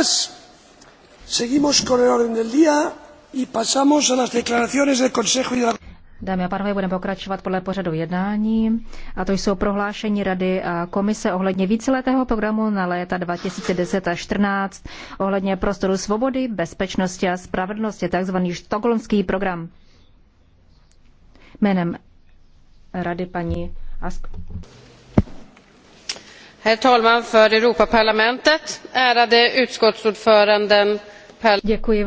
gracias. Seguimos con el orden del día y pasamos a las declaraciones del Consejo y de la Dámy a pánové, budeme pokračovat podle pořadu jednání. A to jsou prohlášení Rady a Komise ohledně víceletého programu na léta 2010 až 2014, ohledně prostoru svobody, bezpečnosti a spravedlnosti, takzvaný štokholmský program. Jménem Rady paní Ask. Herr talman för Europaparlamentet, ärade utskottsordföranden Per... Děkuji